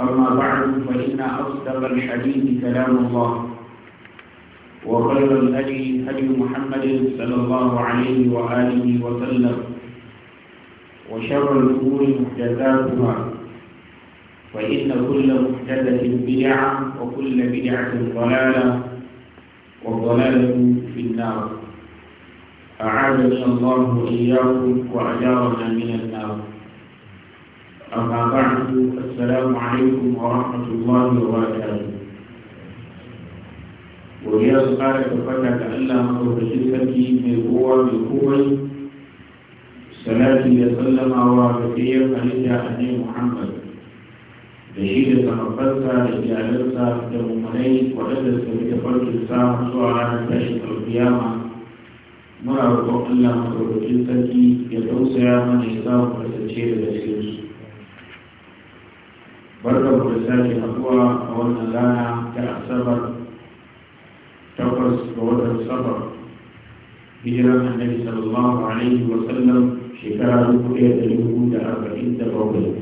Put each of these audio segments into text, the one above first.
أما بعد فإن أصدق الحديث كلام الله وخير الهدي هدي محمد صلى الله عليه وآله وسلم وشر الأمور محدثاتها فإن كل محدثة بدعة وكل بدعة ضلالة والضلالة في النار أعاذنا الله إياكم وأجارنا من النار أما السلام عليكم ورحمه الله وبركاته وليس سؤال فقط الا ما هو بشركه من هو من هو صلاه يسلم وعافيه عليك يا حبيب محمد بشير تنفذت لجعلت لمؤمنين وجدت في فرق الساعه سؤال تشهد القيامه مرة أقول لهم أن الرجل تركي يدوس يا من يساوي في التشهير الأخير. barkan ku da sake haduwa a wannan rana ta asabar takwas ga watan safar hijiran annabi sallallahu alaihi wa sallam shekara dubu ɗaya da dubu da arba'in da bakwai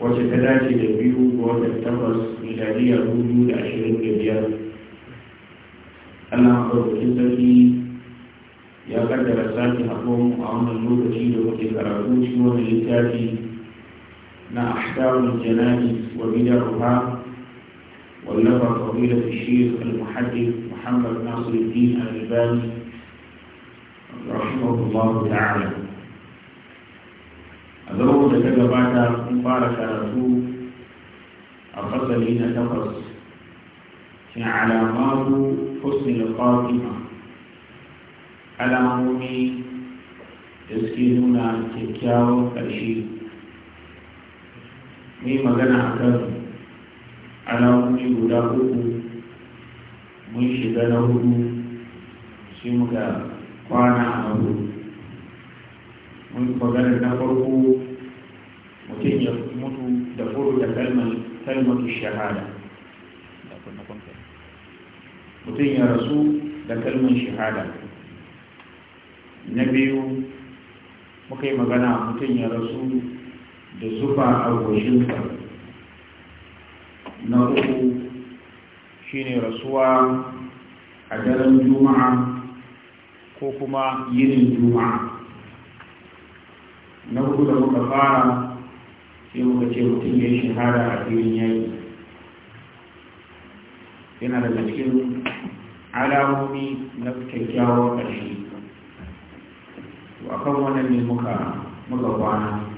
wacce ta dace da biyu ga watan takwas miladiya dubu da ashirin da biyar allah maɗaukakin sarki ya kaddara sake haɗuwa a wannan lokaci da muke karatu cikin wani littafi مع أحكام الجنان وبدرها واللغة طويلة الشيخ المحدث محمد ناصر الدين الألباني رحمه الله تعالى أدعو لك بعد مبارك رسول أخذ تفص في علامات حسن القاتمة على مومي يسكنون تكاو الشيخ ne magana a kan alamomi guda uku mun shiga na hudu sai muka kwana a hudu mun magana na farko mutum ya mutu da furu da kalmar shahada mutum ya rasu da kalmar shahada na biyu muka yi magana mutum ya rasu da zufa a goshinsa na uku ne rasuwa a daren juma'a ko kuma yinin juma'a na uku da muka fara sai muka ce mutum ya shahada a filin yayi yana da cikin alamomi na kyakkyawar ƙarshe to akan wannan ne muka muka kwana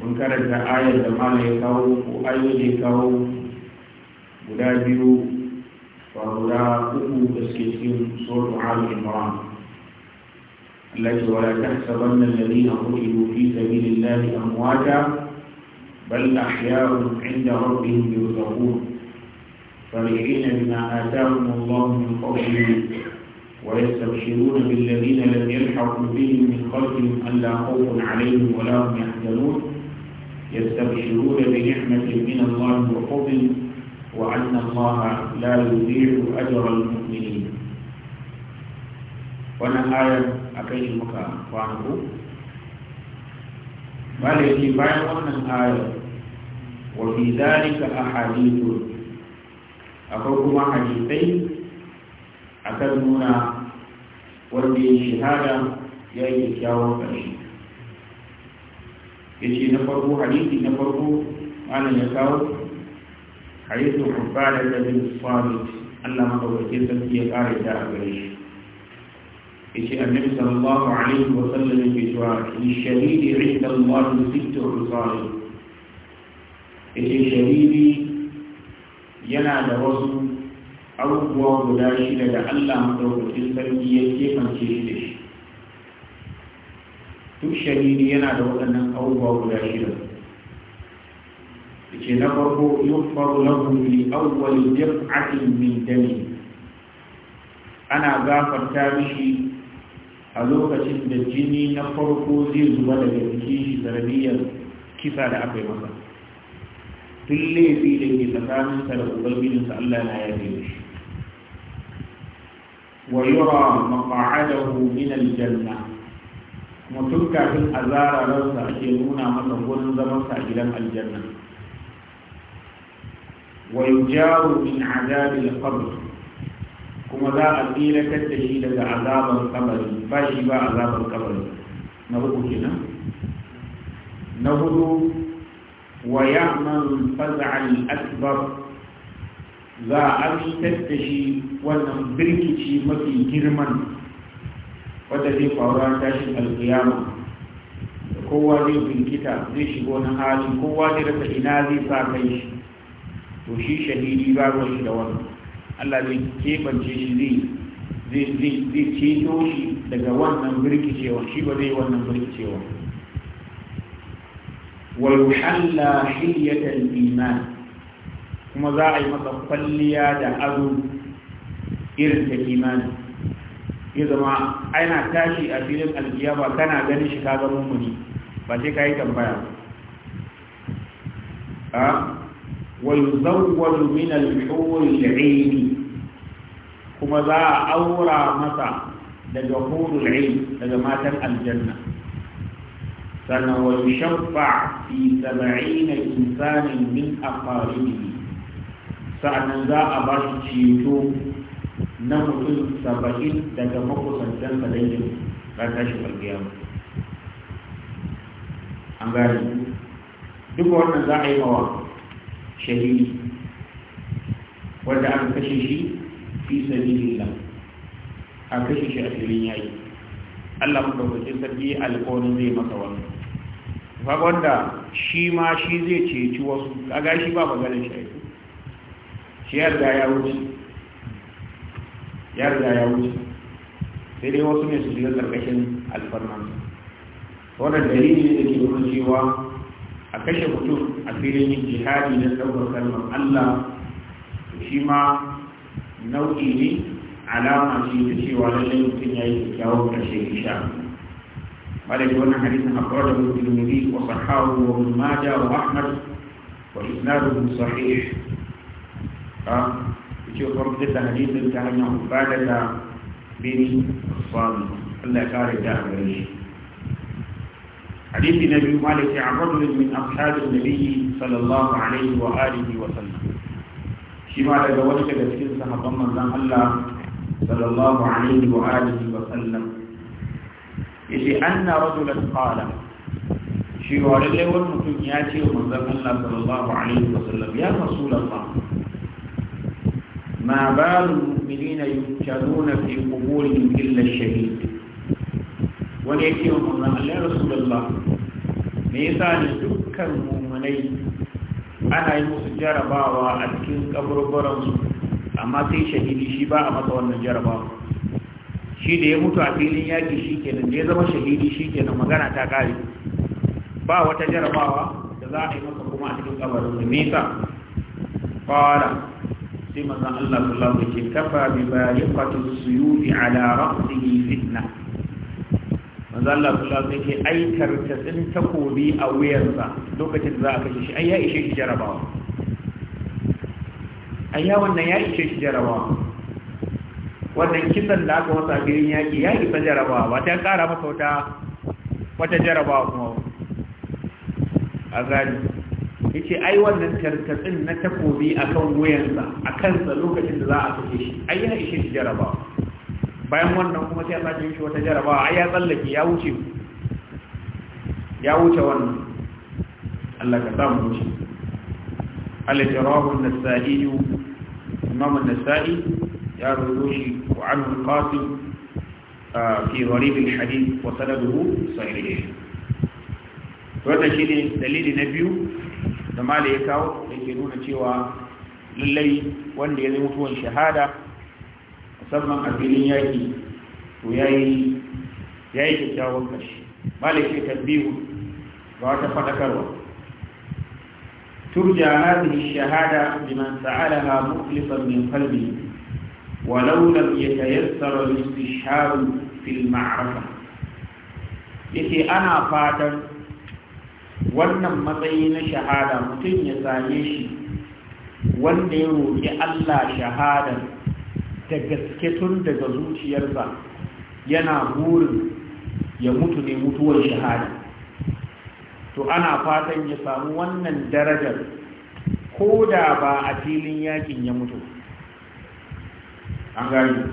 mun karanta ayar da mana ya kawo ko ayoyi ya kawo guda biyu ba guda uku da suke cikin suratul ali imran Allah ce wala ta tahsabanna alladhina qutilu fi sabilillahi amwata بل أحياء عند ربهم يرزقون فرحين بما آتاهم الله من فضله ويستبشرون بالذين لم يلحقوا بهم من خلفهم ألا خوف عليهم ولا هم يحزنون يستبشرون بنعمة من الله وفضل وأن الله لا يضيع أجر المؤمنين wannan ayar a kan shi muka kwanako bala yake bayan wannan ayar wa fi zalika ahadithu akwai kuma hadisai akan nuna wanda ya shahada ya yi kyakkyawan ƙarshe yace na farko hadisi na farko malam ya kawo hadisi ubada da bin sabit Allah madaukakin sarki ya kare ta a gare shi yace annabi sallallahu alaihi wa sallam yake cewa li shahidi inda Allah sittu usali yace shahidi yana da wasu abubuwa guda shida da Allah madaukakin sarki ya kefance shi da shi duk shahidi yana da waɗannan abubuwa guda shida ce na farko yufaru lahu bi awwali daf'atin mai dami ana gafarta mishi a lokacin da jini na farko zai zuba daga jikin shi zarabiyar kisa da aka yi masa tun laifi da ke tsakaninsa da ubangijinsa Allah na yafe mishi wa yura maq'adahu min mutum kafin a zara ransa ake nuna masa gurin zamansa a gidan aljanna wa yujaru min azabil qabr kuma za a tsiratar da shi daga azabar kabari ba shi ba azabar kabari na uku kenan na hudu wa ya'man faz'al akbar za a amintar da shi wannan birkici mafi girman wata zai faruwa tashin alkiyama kowa zai binkita zai shigo na hali kowa zai rasa ina zai sa kai shi to shi shahidi ba ruwan shi da wani Allah zai keɓance shi zai zai ceto shi daga wannan birkicewa shi ba zai wannan birkicewa wal halla hiyatal iman kuma za a yi masa kwalliya da ado irin ta imani ya zama ana tashi a filin alkiyama kana ganin shi ka ga mummuni ba sai ka yi tambaya a wa yuzawwaju min al-hur al-ayn kuma za a aura masa daga hurul ayn daga matan aljanna sannan wa yushaffa fi 70 insanin min aqaribihi sa'annan za a ba shi ceto na mutum saba'in daga makusantan dangin ran tashin alkiyama an gari duk wannan za a yi mawa shahidi wanda aka kashe shi fi sabilillah a kashe shi a filin yayi Allah mu daukakin sarki alƙawarin zai masa wannan babu wanda shi ma shi zai ceci wasu a shi ba maganin shi shi yarda ya wuce ya riga ya wuce sai dai wasu ne su shiga karkashin alfarman wannan dalili ne da ke nuna cewa a kashe mutum a filin yin jihadi na ɗaukar kalmar Allah shi ma nau'i ne alama ce ta cewa lallai mutum ya yi kyakkyawar ƙarshe isha ke wannan hadisin akwai da mutum wa sahawu wa mumaja wa ahmad wa isnadu ce farko da hadisin ta hanyar ubada da bin sabi Allah ya kare da gare shi hadisi na biyu malaki a rajulin min ashabin nabiyyi sallallahu alaihi wa alihi wa sallam shi ma daga wani da cikin sahabban manzon Allah sallallahu alaihi wa alihi wa sallam yace anna rajulan qala shi wa lalle wani mutum ya ce wa manzon Allah sallallahu alaihi wa sallam ya rasulullah ما بال المؤمنين يفتنون في قبورهم الا الشهيد wani yake wa mannan Allah ya rasu Allah ne ya sa ne dukkan mummunai ana yi musu jarabawa a cikin kaburburansu amma sai shahidi shi ba a shi da ya mutu a filin yaƙi shi da ya zama shahidi shi kenan magana ta kare ba wata jarabawa da za a yi masa kuma a cikin kaburburansu ne ya sa fara sai manzon Allah sallallahu alaihi wasallam kafa bi bariqatu suyubi ala ra'sihi fitna manzon Allah sallallahu alaihi wasallam ai tartatsin takobi a wuyarsa lokacin da za a kashe shi ai ya ishe shi jarabawa ai ya wannan ya ishe shi jarabawa wannan kisan da aka wasa birin yaki ya isa jarabawa ba ta kara masa wata jarabawa kuma a gani yace ai wannan tartatsin na takobi a akan wuyansa a kansa lokacin da za a kashe shi ai ya ishe shi jarabawa bayan wannan kuma sai Allah ya shi wata jarabawa ai ya tsallake ya wuce ya wuce wannan Allah ka mu wuce al-jarahu an-nasa'i imam an-nasa'i ya rawaito shi wa anhu al-qasim في غريب الحديث وسنده صحيح wannan shine dalili na biyu da mala ya kawo da ke nuna cewa lallai wanda ya zai mutuwan shahada musamman a filin yaki to ya yi kyakkyawan ƙarshe mala ke tabbihu ga wata faɗakarwa shahada هذه الشهادة لمن سألها مخلصا wa قلبه ولو لم يتيسر الاستشهاد في المعركة yake ana fatan wannan matsayi na shahada mutum ya same shi wanda ya roƙi Allah shahada da gaske tun daga zuciyarsa yana burin ya mutu ne mutuwar shahada to ana fatan ya samu wannan darajar ko da ba a filin yakin ya mutu an gani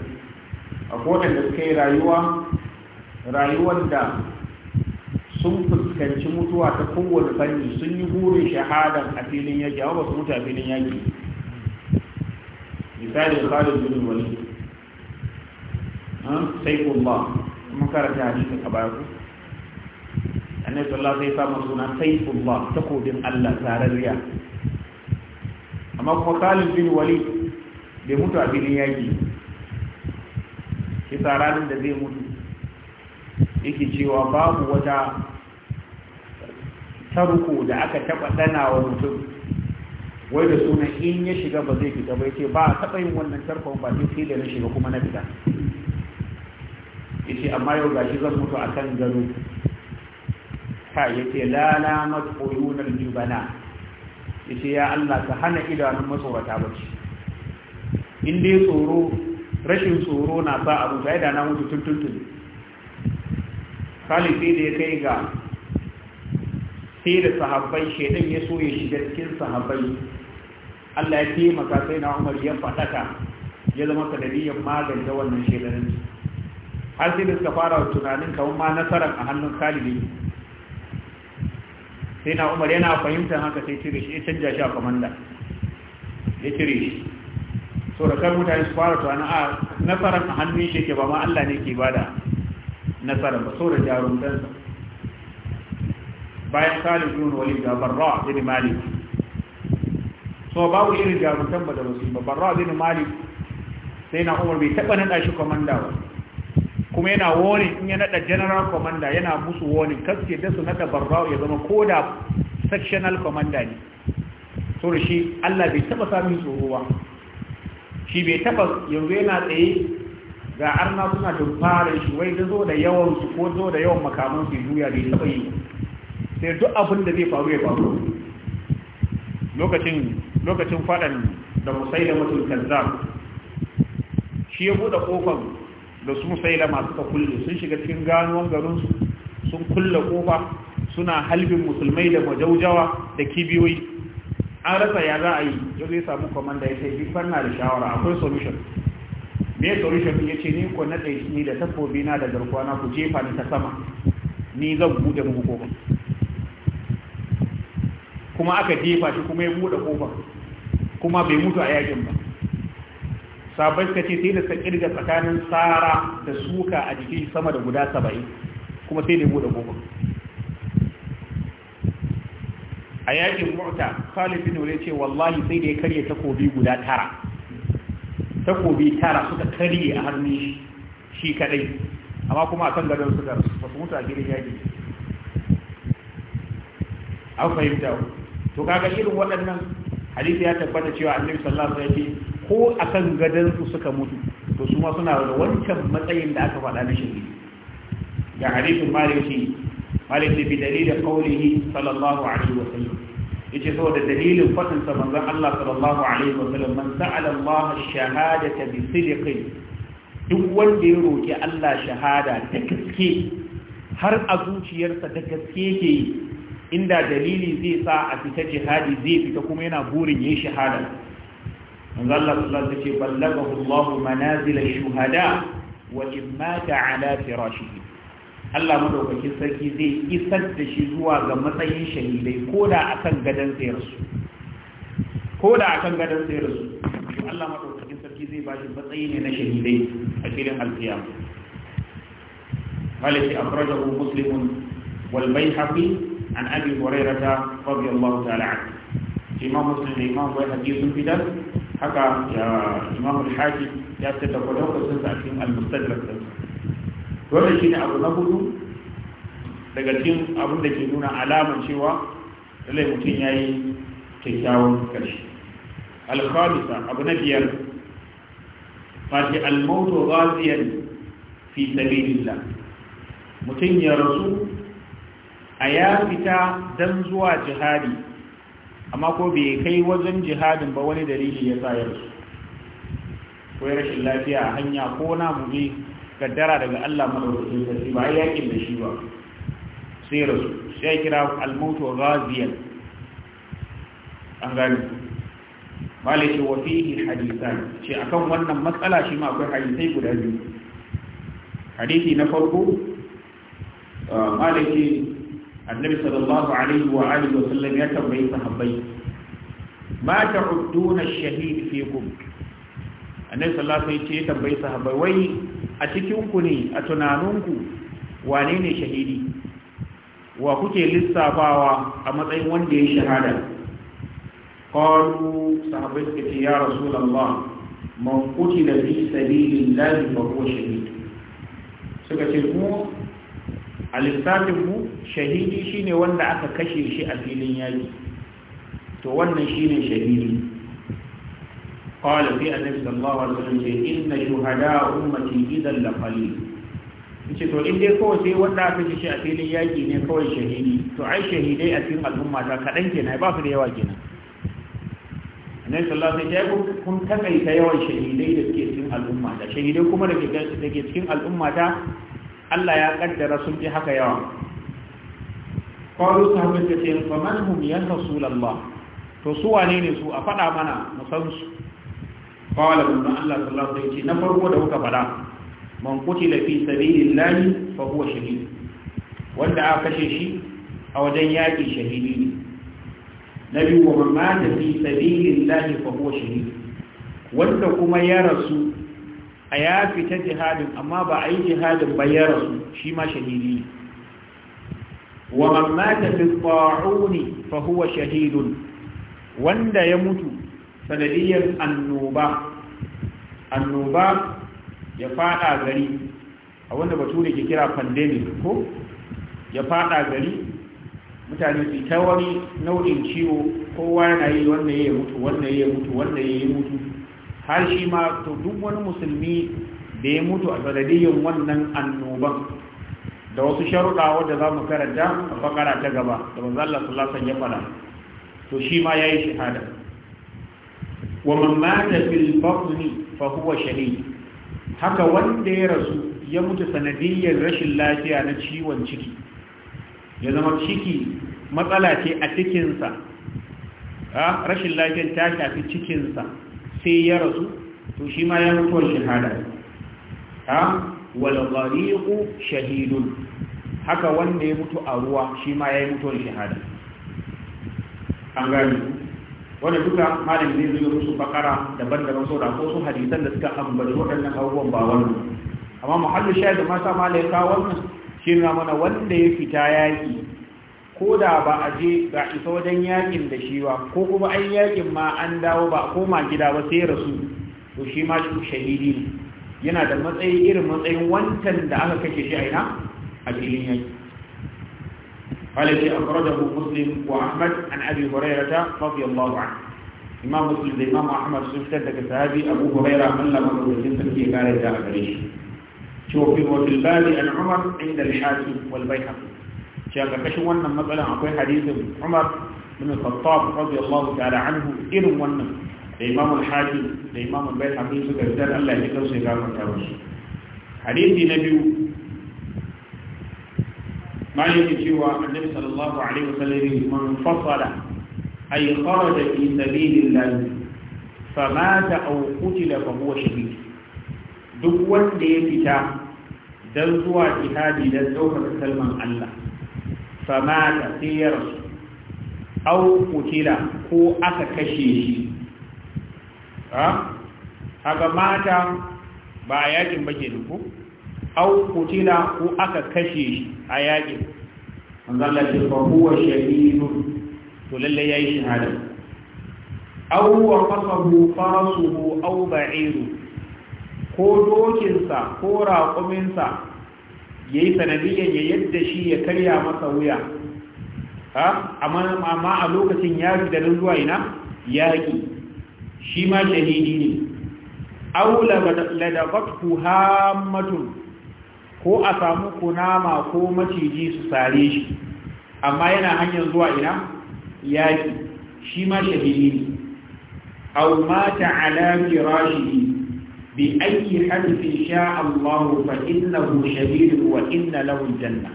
a kodin da suka yi rayuwa rayuwar da sun fuskanci mutuwa ta kowane fanni sun yi burin shahadan a filin yaki a wasu mutu a filin yaki misali khalid wani walid sai kuma makaranta hadisi a baya ku annabi sallallahu alaihi samun suna ta takobin Allah riya amma kuma Khalid bin wani bai mutu a filin yaki Ke ranar da zai mutu yake cewa babu wata tarko da aka taba dana wa mutum wai da suna in ya shiga ba zai fita ba ce ba a taba yin wannan tarko ba sai da na shiga kuma na fita yace amma yau gashi zan mutu akan gado ka yace la la matqulun aljubana yace ya Allah ka hana idanun matsorata bace in dai tsoro rashin tsoro na sa abu sai da na mutu tuntuntun kalifi da ya kai ga sai da sahabbai shaidan ya so ya shiga cikin sahabbai Allah ya taimaka sai na Umar ya fadaka ya zama magan magance wannan shaidanin har sai da suka fara tunanin kawun ma nasarar a hannun kalibi sai na Umar yana fahimtar haka sai cire shi ya canja shi a kwamanda ya cire shi so da kan mutane su fara tunanin a ah, nasarar a hannun shi ke ba ma Allah ne ke bada nasarar ba so da jarumtansa bayan Khalid ibn Walid da Barra zini Malik so babu irin jarutan ba da wasu ba Barra zini Malik sai na Umar bai taba nada shi komanda ba kuma yana wani in ya nada general commander yana musu wani kaske da su nada Barra ya zama koda sectional commander ne so shi Allah bai taba sami tsoro ba shi bai taba yanzu yana tsaye ga arna suna dumfare shi wai da zo da yawan su ko zo da yawan makaman su juya bai taɓa yi sai duk abin da zai faru ya faru lokacin lokacin fadan da musailama tul kazzab shi ya bude kofar da su musailama suka kulle sun shiga cikin ganuwan garinsu, su sun kulle kofa suna halbin musulmai da majaujawa da kibiyoyi an rasa ya za a yi yau zai samu komanda ya ce bi fanna da shawara akwai solution me solution ya ce ni ko na ɗaya ni da takobi na da garkuwa na ku jefa ni ta sama ni zan buɗe muku kofar kuma aka jefa shi kuma ya buɗe kofar kuma bai mutu a yakin ba sabai suka ce sai da kirga tsakanin tsara da suka a jiki sama da guda saba'in kuma sai da ya buɗe kofar a yakin mota khalid bin ce wallahi sai da ya karye takobi guda tara takobi tara suka karye a hannun shi kadai amma kuma a kan gadon suka ba su mutu a gidan yaki an fahimta to kaga irin waɗannan hadisi ya tabbata cewa annabi sallallahu alaihi wasallam yake ko akan gadan su suka mutu to su ma suna da wancan matsayin da aka faɗa na shirki ga hadisin maliki maliki bi dalilin qawlihi sallallahu alaihi wasallam yace saboda dalilin fadin sa manzon Allah sallallahu alaihi wasallam man sa'ala Allah ash-shahadata bi sidqin duk wanda ya roki Allah shahada ta gaske har a zuciyarsa ta gaske yake inda dalili zai sa a fita jihadi zai fita kuma yana burin yayi shahada manzo Allah sallallahu alaihi wasallam ballagahu Allahu manazil ash-shuhada wa imata ala firashihi Allah madaukakin sarki zai isar da shi zuwa ga matsayin shahidai koda akan gadan tsayarsu koda akan gadan tsayarsu Allah madaukakin sarki zai ba shi matsayi ne na shahidai a cikin alkiyama قال في أخرجه مسلم والبيحقي عن أبي هريرة رضي الله تعالى عنه إمام مسلم الإمام حديث بدر حكى إمام الحاكم يا سيدة قلوك سنسى المستدرك wannan shi ne abu na hudu daga cikin abin ke nuna alamar cewa lallai mutum ya yi kyakkyawan ƙarshe alkhamisa abu na biyar fashe fi mutum ya rasu a ya fita don zuwa jihadi amma ko bai kai wajen jihadin ba wani dalili ya sa ya rasu ko ya rashin lafiya a hanya ko na muje kaddara daga Allah madaukakin sarki ba yakin da shi ba sai rasu sai kira al-mautu ghaziyan an gani malai ce wa fihi hadithan ce akan wannan matsala shi ma akwai hadisai guda biyu hadisi na farko uh, malai ce annabi sallallahu alaihi wa alihi wa ya tambayi sahabbai ma ta'udduna ash-shahid fikum annabi sallallahu alaihi ya tambayi sahabbai wai a cikinku ne a tunaninku Wanene ne shahidi wa kuke lissafawa a matsayin wanda ya shahada qalu sahabbai suka ce ya rasulullah man suka a lissafin ku? shahidi shine wanda aka kashe shi a filin yaki to wannan shine shahidi qala fi annabi sallallahu alaihi wasallam ce inna shuhada ummati idan la qalil yace to in dai kawai sai wanda aka kashe shi a filin yaki ne kawai shahidi to ai shahidai a cikin al'umma ta kadan kenan ba su da yawa kenan annabi sallallahu alaihi wasallam kun takaita yawan shahidai da suke cikin al'umma da shahidai kuma da ke cikin al'umma ta Allah ya kaddara sun ji haka yawa faru sahabbai ta ce fa man hum ya rasulullah to su wane ne su a faɗa mana mu san su qala ibn Allah sallallahu alaihi wasallam na farko da kuka faɗa man qutila fi sabilillahi fa huwa shahid wanda aka kashe shi a wajen yaƙi shahidi ne na biyu wa man mata fi sabilillahi fa huwa shahid wanda kuma ya rasu a ya fita jihadin amma ba a yi jihadin ba ya rasu shi ma shahidi ne ومن مات في الطاعون فهو شهيد wanda ya mutu sanadiyar annoba annoba ya fada gari a wanda bature ke kira pandemic ko ya fada gari mutane su ta wani nau'in ciwo kowa yana yi wanda ya mutu wanda ya mutu wanda ya mutu har shi ma to duk wani musulmi da ya mutu a sanadiyar wannan annoban da wasu sharuɗa wadda za mu karanta a bakara ta gaba da ba zalla su alaihi ya fara to shi ma ya yi shahada wa man da fil batni fa huwa shahid haka wanda ya rasu ya mutu sanadiyyar rashin lafiya na ciwon ciki ya zama ciki matsala ce a cikinsa a rashin lafiyar ta shafi cikinsa sai ya rasu to shi ma ya mutuwar shahada wal ghariqu shahidun haka wanda ya mutu a ruwa shi ma yayi mutuwar shahada an gani wanda duka malam zai zo musu bakara daban-daban sau da ko su hadisan da suka ambaci waɗannan abubuwan ba wannan amma muhallu shahid ma sa malai ka wannan shi na mana wanda ya fita yaki ko da ba a je ga isa wajen yakin da shi ba ko kuma an yakin ma an dawo ba koma gida ba sai rasu to shi ma shahidi ne yana da matsayi irin matsayin wantan da aka kake shi aina a filin yayi falaji akradahu muslim wa ahmad an abi hurairata radiyallahu anhu imam muslim da imam ahmad fitar daga sahabi abu huraira annama da yake take kare da gare shi cewa fi wal bali an umar inda al-hasib wal bayhaqi cewa ga kashin wannan matsalan akwai hadisin umar ibn khattab radiyallahu ta'ala anhu irin wannan da imam al da imam al-bayhaqi suka fitar Allah ya kauce gafarta musu hadisi na biyu maliki cewa annabi sallallahu alaihi wasallam man fasala ay kharaja fi sabilillah famata aw qutila fa huwa shahid duk wanda ya fita dan zuwa jihadi dan daukar kalman Allah famata sai ya rasu aw qutila ko aka kashe shi ha haka mata ba a yakin ba ke nufu au kutila ko aka kashe shi a yakin ba fahuwa shahidu to lalle ya yi shahada au wa fasahu farasuhu au ba'iru ko dokinsa ko raƙuminsa ya yi sanadiyyar ya yadda shi ya karya masa wuya amma a lokacin yari da zuwa ina yaƙi shi ma shahidi ne aula ko a samu kunama ko maciji su sare shi amma yana hanyar zuwa ina yaki shi ma shahidi ne aw mata ala firashihi bi ayyi hadithin sha Allah fa innahu shahidun wa inna lahu janna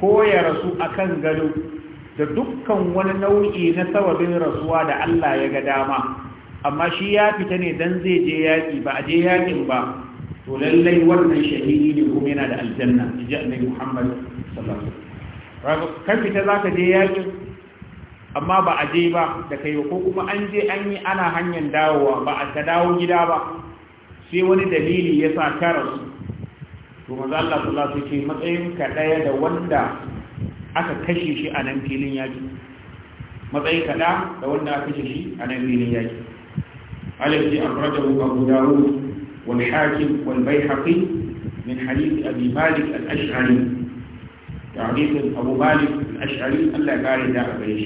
ko ya rasu akan gado da dukkan wani nau'i na sababin rasuwa da Allah ya ga dama amma shi ya fita ne dan zai je yaƙi ba a je yaƙin ba to lallai wannan shahidi ne kuma yana da aljanna ji annabi Muhammad sallallahu alaihi wasallam kan fita zaka je yaƙin amma ba a je ba da kai ko kuma an je an yi ana hanyar dawowa ba a ka dawo gida ba sai wani dalili ya sa ka rasu to maza Allah sallallahu alaihi wasallam matsayin ka daya da wanda aka kashe shi a nan filin yaƙi matsayin ka da wanda aka kashe shi a nan filin yaƙi الذي أخرجه أبو داود والحاكم والبيحقي من حديث أبي مالك الأشعري تعريف أبو مالك الأشعري ألا قال داء بيش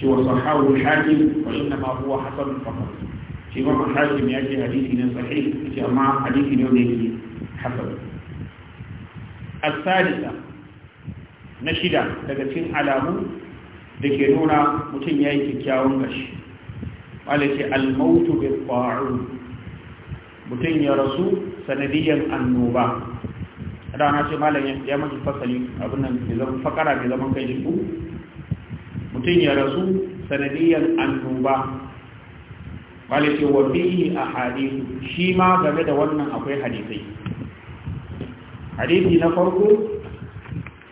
سوى صحاه الحاكم وإنما هو حسن فقط سوى الحاكم يأتي حديثنا صحيح مع حديث يومه حسن الثالثة نشدة لكن علامه da ke nuna mutum ya yi kyakkyawan ƙarshe malaki almautu bil ta'un mutum ya rasu sanadiyan annoba rana ce malamin ya maki fasali abin nan da zaman fakara da zaman kai jiku. mutum ya rasu sanadiyan annoba malaki wa bihi hadisu. shi ma game da wannan akwai hadisai hadisi na farko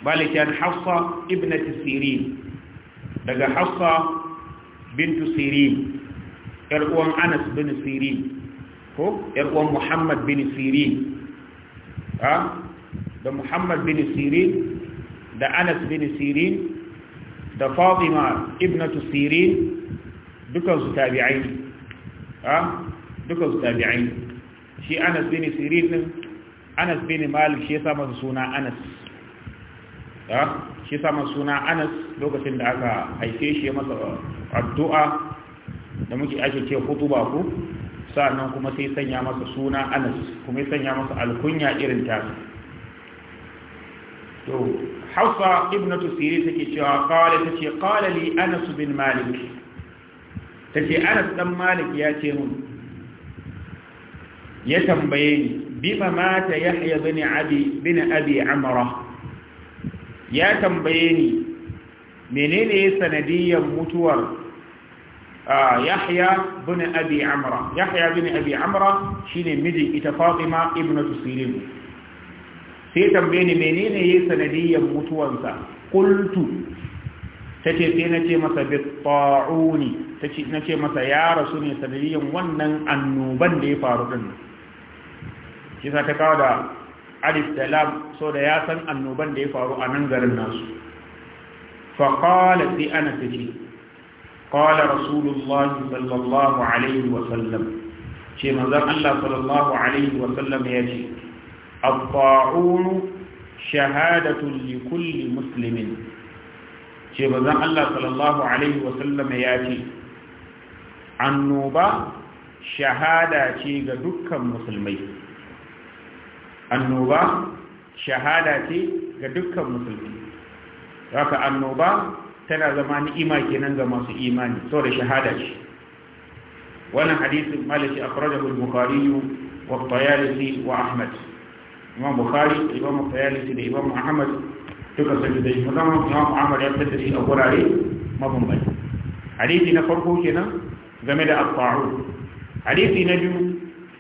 malaki an hafsa ibnati sirin daga hafsa bintu sirin yar uwan Anas bin Sirin ko yaruwan uwan Muhammad bin Sirin ha da Muhammad bin Sirin da Anas bin Sirin da Fatima ibnatu Sirin dukan su tabi'ai ha dukan su tabi'ai shi Anas bin Sirin din Anas bin Malik shi ya masa suna Anas ha shi ya masa suna Anas lokacin da aka haife shi masa addu'a da muke ake ce hutuba ko sa'annan kuma sai sanya masa suna anas kuma sai sanya masa alkunya irin ta to hausa ibnatu sirri take cewa kawai ta ce kawai li anas bin malik ta ce anas dan malik ya ce mun ya tambaye ni bima mata yahya bin abi bin abi amra ya tambaye ni menene sanadiyan mutuwar yahya bin abi amra yahya bin abi shine mijin ita fatima ibnu sirin sai tambaye ni menene yayin sanadiyyar kultu? qultu tace sai nace masa bi ta'uni tace masa ya rasu ne sanadiyyar wannan annoban da ya faru din shi ta kawo da alif da lam so da ya san annoban da ya faru a nan garin nasu fa qala ana tace قال رسول الله صلى الله عليه وسلم شيء مزار الله صلى الله عليه وسلم يجي الطاعون شهادة لكل مسلم شيء مزار الله صلى الله عليه وسلم يجي النوبة شهادة شيء دكا مسلمين النوبة شهادة شيء دكا مسلمين haka annoba tana zama ni'ima kenan ga masu imani saboda shahada ce wannan hadisin malaki akhrajahu al-bukhari wa at-tayalisi wa ahmad imam bukhari imam at-tayalisi da imam ahmad duka sun da imam imam ahmad ya fitar shi a gurare mabambanci hadisi na farko kenan game da at-ta'u hadisi na biyu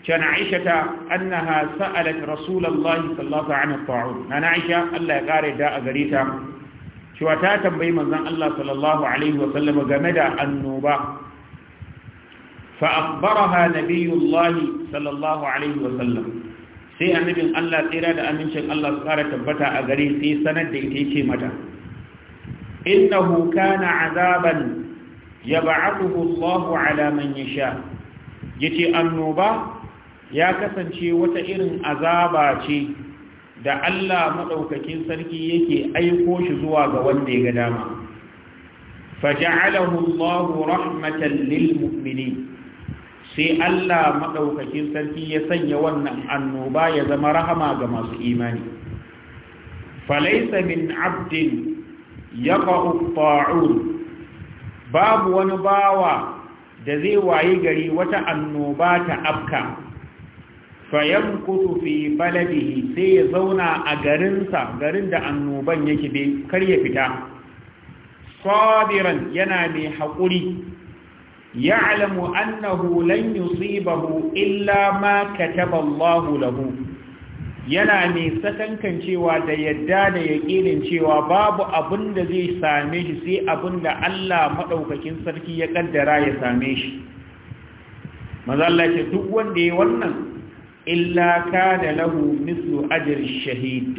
كان عائشة أنها سألت رسول الله صلى الله عليه وسلم الطاعون أنا عائشة ألا يقاري داء غريتا cewa ta tambayi manzon Allah sallallahu alaihi game da annoba fa akhbaraha nabiyullahi sallallahu alaihi wa sai annabin Allah tsira da amincin Allah su ƙara tabbata a gare sai sanar da ita yake mata innahu kana azaban yab'athuhu Allahu ya sha, ya yace annoba ya kasance wata irin azaba ce da Allah maɗaukakin sarki yake aiko shi zuwa ga wanda ya ga dama faja'alahu Allahu rahmatan lil mu'minin sai Allah maɗaukakin sarki ya sanya wannan annoba ya zama rahama ga masu imani falaisa min 'abdin yaqa'u ta'un babu wani bawa da zai wayi gari wata annoba ta afka fayamkutu fi baladihi sai ya zauna a garinsa garin da annoban yake dai kar ya fita sabiran yana mai haƙuri ya'lamu annahu lan yusibahu illa ma kataba Allahu lahu yana mai satankan cewa da yadda da yaƙinin cewa babu abin da zai same shi sai abin da Allah maɗaukakin sarki ya ƙaddara ya same shi ya ce duk wanda ya wannan illa kana lahu mislu ajri shahid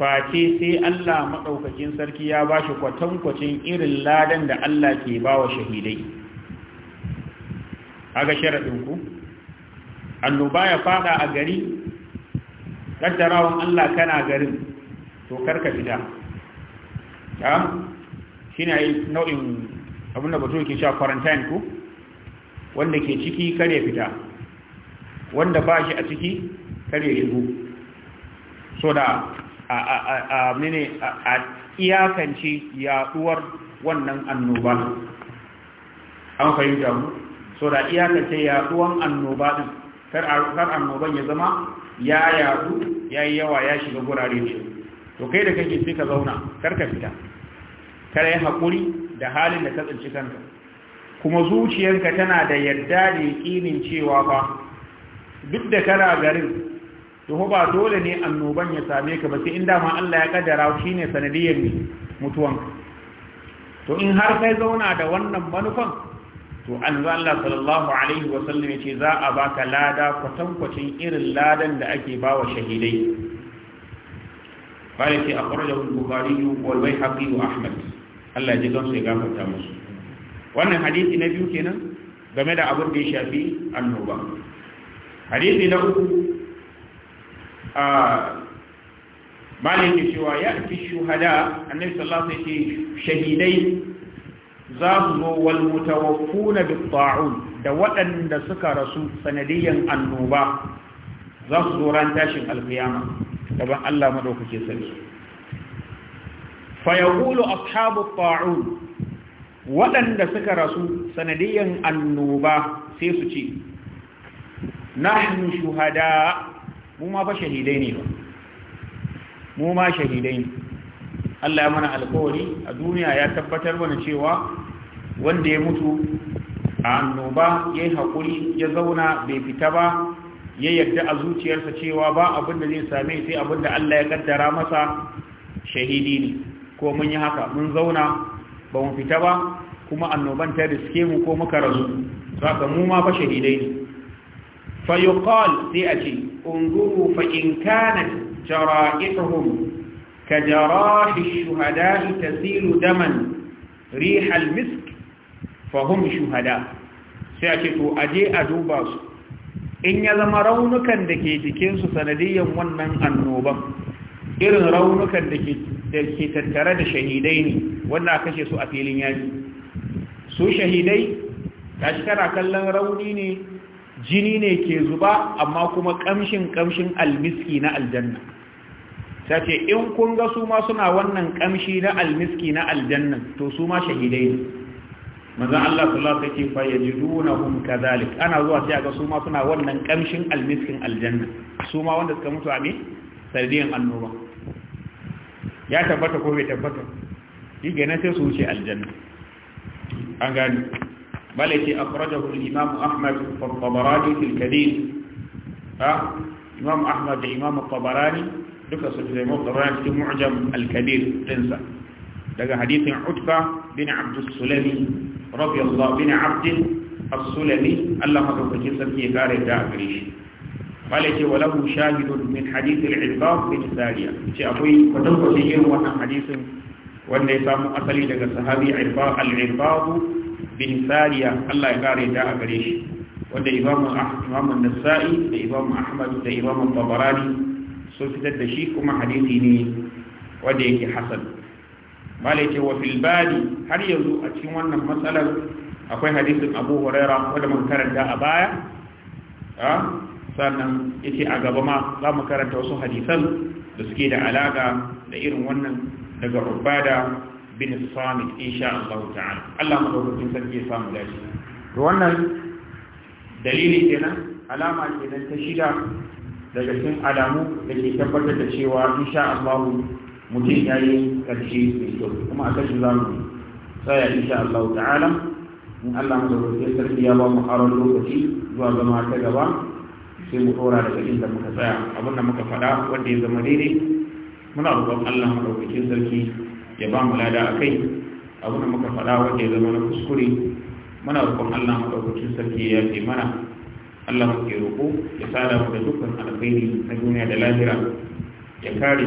face sai Allah madaukakin sarki ya bashi kwacin irin ladan da Allah ke bawa shahidai aga sharadin ku annoba ya fada a gari kaddarawan Allah kana garin to karka fita ta shine ai nau'in abinda bato yake sha quarantine ku wanda ke ciki kare fita wanda ba shi a ciki kare rigo so da a mene a iyakance yaduwar wannan annoba an fahimta mu so da iyakance yaduwan annoba din kar annoban ya zama ya yadu ya yi yawa ya shiga gurare ne to kai da kake sai ka zauna kar ka fita kar ya haƙuri da halin da ka tsinci kanka kuma zuciyarka tana da yadda da yaƙinin cewa fa duk da kana garin to ba dole ne annoban ya same ka ba sai inda ma Allah ya kaddara shine sanadiyar mutuwan to in har kai zauna da wannan manufan to an Allah sallallahu alaihi wa sallam yace za a baka lada kwatan kwatankwacin irin ladan da ake bawa shahidai قال في أخرجه البخاري والبيهقي Ahmad, Allah ji gamsu ya gafarta musu wannan hadisi na biyu kenan game da abin da ya shafi annoba hadisi na uku a cewa ya fi shuhada annabi sallallahu alaihi wasallam shahidai za su zo wal mutawaffuna bi ta'un da waɗanda suka rasu sanadiyan annoba za su zo tashin alkiyama gaban Allah madaukake sarki ashabu ta'un waɗanda suka rasu sanadiyan annoba sai su ce nahnu shuhada mu ma fa shahidai ne ba mu ma shahidai ne Allah ya mana alkawari a duniya ya tabbatar mana cewa wanda ya mutu a annoba ya yi haƙuri ya zauna bai fita ba ya yarda a zuciyarsa cewa ba abin da zai same sai abin da Allah ya kaddara masa shahidi ne ko mun yi haka mun zauna ba mu fita ba kuma annoban ta riske mu ko muka rasu saka mu ma fa shahidai ne fayuqal sai a ce unzuru fa in kanat jara'ihuhum ka jarahi shuhada'i tasilu daman rihal misk fahum shuhada sai a ce to aje a duba su in ya zama raunukan da ke jikinsu sanadiyyan wannan annoban irin raunukan da ke tattare da shahidai ne wanda a kashe su a filin yaji su shahidai tashi kana kallon rauni ne jini ne ke zuba amma kuma kamshin kamshin almiski na aljanna ta ce in kun ga su ma suna wannan kamshi na almiski na aljanna to su ma shahidai ne manzan Allah sallallahu alaihi wasallam ya ji dunahum kadhalik ana zuwa sai ga su ma suna wannan kamshin almiskin aljanna su ma wanda suka mutu a me sardiyan annoba ya tabbata ko bai tabbata shi kenan sai su wuce aljanna an gani malaki akhrajahu al-imam ahmad fi al da imam al-tabarani duka su da imam al-tabarani fi dinsa daga hadithin utba bin abd as-sulami radiyallahu bin abd as-sulami Allah madaukakin sarki ya kare da gare shi malaki walahu shahidun min hadith al-irbad ce akwai irin wannan hadisin wanda ya samu asali daga sahabi al bin sariya Allah ya kare ta a gare shi wanda imamu a nasa'i da imamu ahmad da imamu tabarani sun fitar da shi kuma hadisi ne wanda yake hasan malai ce wa fil har yanzu a cikin wannan matsalar akwai hadisin abu huraira wanda mun karanta a baya sannan ce a gaba ma za mu karanta wasu hadisan da suke da alaka da irin wannan daga rubada. bin samit insha Allah ta'ala Allah madaukakin sarki ya samu dace to wannan dalili kenan alama kenan ta shida daga cikin alamu da ke tabbatar da cewa insha Allah mutum yayi yi ƙarshe mai kyau kuma a kashi zamu mu insha Allah ta'ala in Allah madaukakin sarki ya ba mu haron lokaci zuwa zama ta gaba sai mu dora daga inda muka tsaya abin da muka faɗa wanda ya zama daidai muna roƙon Allah madaukakin sarki ya ba mu lada a kai abin da muka faɗa wanda ya zama na kuskure muna roƙon Allah maɗaukacin sarki ya ce mana Allah muke roƙo ya sada mu da dukkan alkhairi na duniya da lahira ya kare